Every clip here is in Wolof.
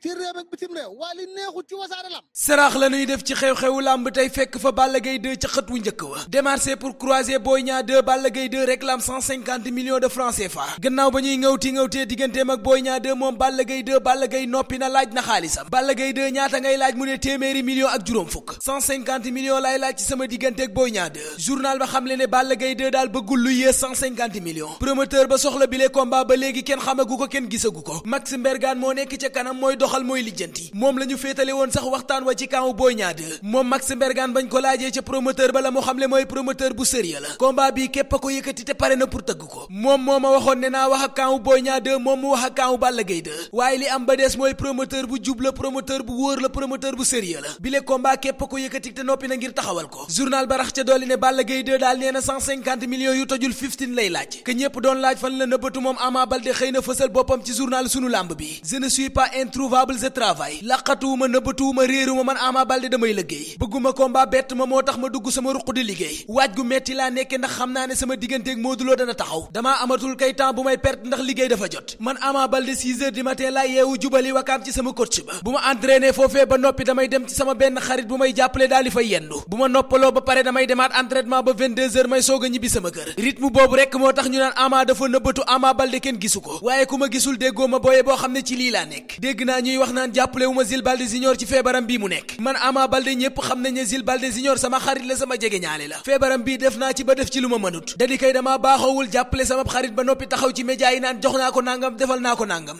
ci réew ak bitim réew waa li neexul ci wasaare lamb la ñuy def ci xew-xewu lamb tey fekk fa Balla Gaye 2 ca xët wu njëkk wa démarché pour croiser Boy Niang 2 Balla Gaye 2 réclame de francs CFA gannaaw ba ñuy ngawti ngawtee digganteem ak Boy Niang 2 moom Balla Gaye 2 Balla Gaye noppi na laaj na xaalisam Balla Gaye 2 ñaata ngay laaj mu ne téeméeri millions ak juróom fukk 150 millions lay laaj ci sama diggante ak Boy Niang 2 ba xam le ne Balla Gaye 2 daal bëggul lu yées 150 promoteur ba soxla bile combat ba léegi kenn xamagu ko kenn gisagu ko Max moo nekk ca kanam mooy doxal mooy lijjanti moom la ñu féetale woon sax waxtaan wa ci kaamu Boy Niang 2 moom Max Mbergane bañ ko laajee ca promoteur ba la mu xamle mooy promoteur bu sérieux la combat bi képp a ko yëkkati te pare na pour tëgg ko moom moo ma waxoon ne naa wax ak kaamu Boy Niang 2 moom mu wax a kaamu Balla Gaye 2 waaye li am ba des mooy promoteur bu jub la promoteur bu wóor la promoteur bu sérieux la bile combat képp a ko yëkkati te noppi na ngir taxawal ko journal ba rax ca dolli ne Balla Gaye laaj ke ñépp laaj fan la nëbbatu moom Ama Baldé na fësal boppam ci journal sunu nouvelle je travaille laqatuwuma nëbbatuwuma réeruma man Ama Baldé damay liggéey bëgguma combat bett ma moo tax ma dugg sama ruq di liggéey waaj gu metti laa nekke ndax xam naa ne sama digganteeg Modou Lo dana taxaw damaa amatul kay temps bu may perte ndax laa yeewu jubali wakaam ci sama coach ba bu ma entraîné foofee ba noppi damay dem sama benn xarit bu may jàppale daal di fay yendu bu ma noppaloo ba pare damay demaat entraînement ba may soog a ñibbi sama kër rythme boobu rek ñuy wax naan jàppale wu ma Jules Baldé Junior la sama jege ñaale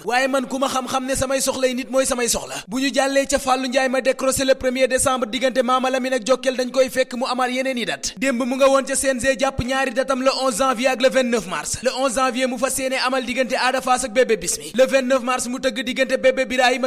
waaye man ku ma xam-xam ne samay soxlay nit mooy samay soxla bu ñu jàllee ca Fallou Ndiaye ma décroché le premier décembre diggante Mama Lamine ak Jokkel dañ koy fekk mu amaat yeneen i date démb mu nga woon ca CNG jàpp ñaari datam le janvier ak le mars le mu fas yéene amal diggante Ada ak bébé Bismi le mars mu tëgg diggante bébé Biraay Karim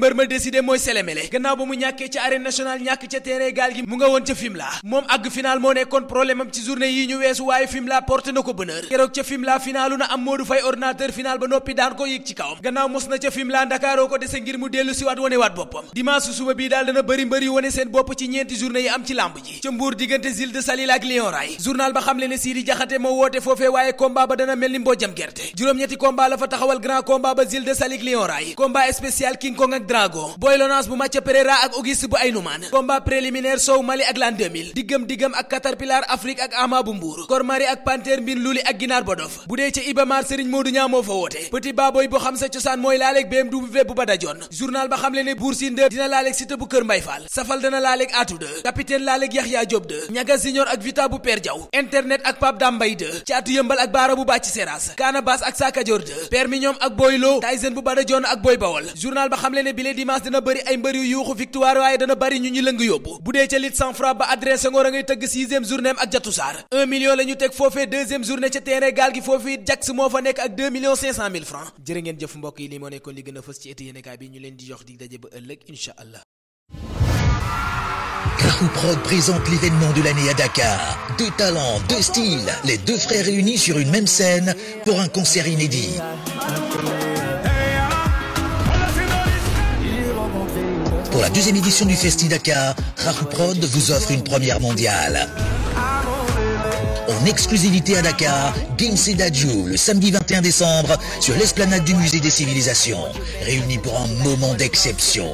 ak ma décidé mooy selemele gannaaw ba mu ñàkkee ca arène nationale ñàkk ca terrain gaal gi mu nga woon ca Fimela moom àgg final moo nekkoon problème ci journée yi ñu weesu waaye Fimela porte na ko bonheur keroog ca Fimela finalu na am Modou Faye ordinateur final ba noppi daan ko yëg ci kawam gannaaw mos na ca Fimela Ndakaaroo ko dese ngir mu dellu siwaat wone waat boppam dimanche suba bii daal dana bëri mbër yi wone seen bopp ci ñeenti journée yi am ci làmb ji ca mbuur diggante Zil de Salil ak Ray journal ba xam le ne Sidi Jaxate moo woote foofee waaye combat ba dana mel ni mbojam gerte juróom-ñetti combat la taxawal grand combat ba Zil de Salil Lion Ray combat spécial King Kong ak Dragon Boy Lonance bu Mathieu Pereira ak Auguste bu Aynoumane combat préliminaire Sow Mali ak l'an 2000 diggam diggam ak Caterpillar ne Bour Sine dina laaleeg Siteu bu Kër Mbay Fall safal dana laaleeg Atou 2 capitaine laaleeg Yaxya Diop 2 ñaga Junior ak Vita bu Père Diaw internet ak Pape Dambay 2 caatu yëmbal ak baara bu bàcci Seras Kaana Baas ak Sakadior 2 permi ñoom ak Boy Lo bu Bada ak Boy Bawol journal ba xamle ne bile dimanche dina bëri ay mbër yu yuuxu victoire waaye dana bëri ñu ñu lëng yóbbu bu dee ca lit sans frappe ba adresse ngoor a ngay tëgg sixième journée ba incha allah. Rahuprod présente l'événement de l'année à Dakar. Deux talents, deux styles, les deux frères réunis sur une même scène pour un concert inédit. Pour la deuxième édition du Festi Dakar, Rahuprod vous offre une première mondiale. en exclusivité à Dakar, Gims et Dadju le samedi 21 décembre sur l'esplanade du musée des civilisations, réunis pour un moment d'exception.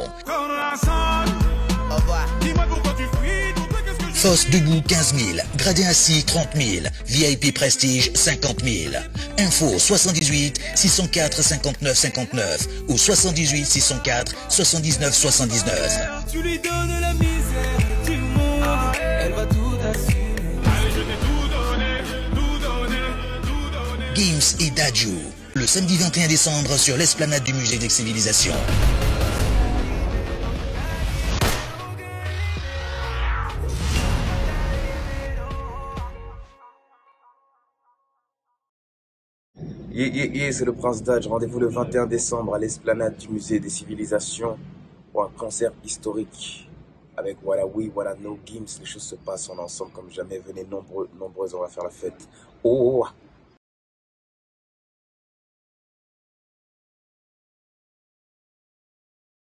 Fosse debout 15 000, gradé assis 30 000, VIP prestige 50 000. Info 78 604 59 59 ou 78 604 79 79. Tu lui donnes la misère du monde, elle va tout Games et Daju, le samedi 21 décembre sur l'esplanade du Musée des Civilisations. Yé, yé, c'est le Prince Daj. Rendez-vous le décembre à l'esplanade du Musée des Civilisations pour un concert historique avec Voilà Oui, Voilà No Games. Les choses se passent en ensemble comme jamais. Venez nombreux, nombreuses, faire la fête. Oh, oh, oh.